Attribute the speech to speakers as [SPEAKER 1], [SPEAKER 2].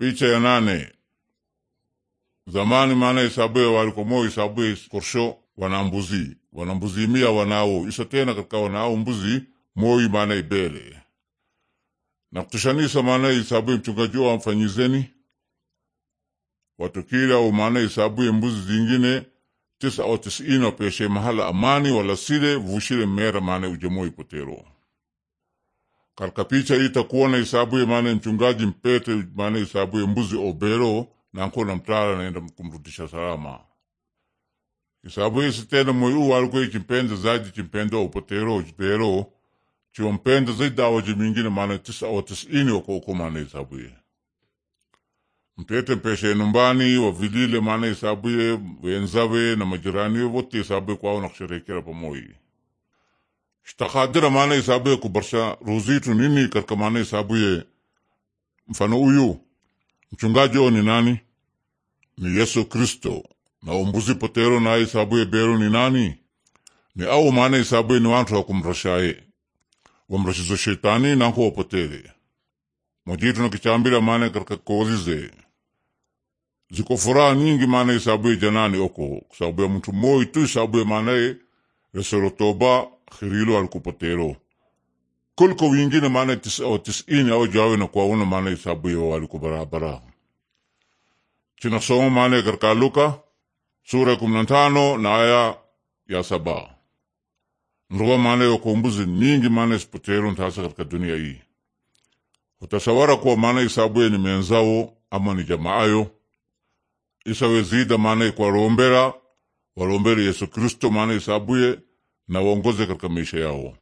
[SPEAKER 1] Picha ya nane. Zamani mana isabue walikomo isabuye korsho wanambuzi wanambuzi mia wanao isa tena katika wanao mbuzi moi mana ibele na kutushanisa mana isabuye mchungaji wa mfanyizeni watukila au mana isabue mbuzi zingine tisa au tisini wapeshe mahala amani wala sile vushile mera mana ujemoi potero katika picha itakuwa na ya maana mchungaji mpete maana ya mbuzi obero na mtala naenda kumrudisha salama isaabuye sitena moyu walikuye chimpenda zaidi chimpenda opotero ojidero chiompenda zaidi dawa jimingine maana tisa au tisini okoko maana isaabuye mpete mpeshe numbani wavilile maana isaabuye wenzawe na majirani wote hisabu kwao nakusherekera pamoja Shtakadira maana hisabuye kubarsha ruzitu nini katika maana hisabuye. Mfano uyu mchungaji o ni nani? Ni Yesu Kristo. Na umbuzi potero na isabu hisabuye beru ni nani? Ni au maana hisabuye ni wantu wa kumrashaye wamrashizo shetani nanko wapotere mojitu nakichambira maana katika kozize ziko furaha nyingi maana hisabuye janani oko ya mtu moi tu hisabuye maanaye resero toba khirilo alikupotelo kuliko wingine maana tis, o oh, tisini au jawe na kwauna maana isabu yo alikubarabara chinasoma maana katika Luka sura ya kumi na tano na aya ya saba ndoa maana ya ukombozi nyingi maana isipotelo ntasa katika dunia hii utasawara kuwa maana isabu ni menzao ama ni jamaayo isawezida maana ikwarombera warombere Yesu Kristo maana isabuye na waongoze katika maisha yao.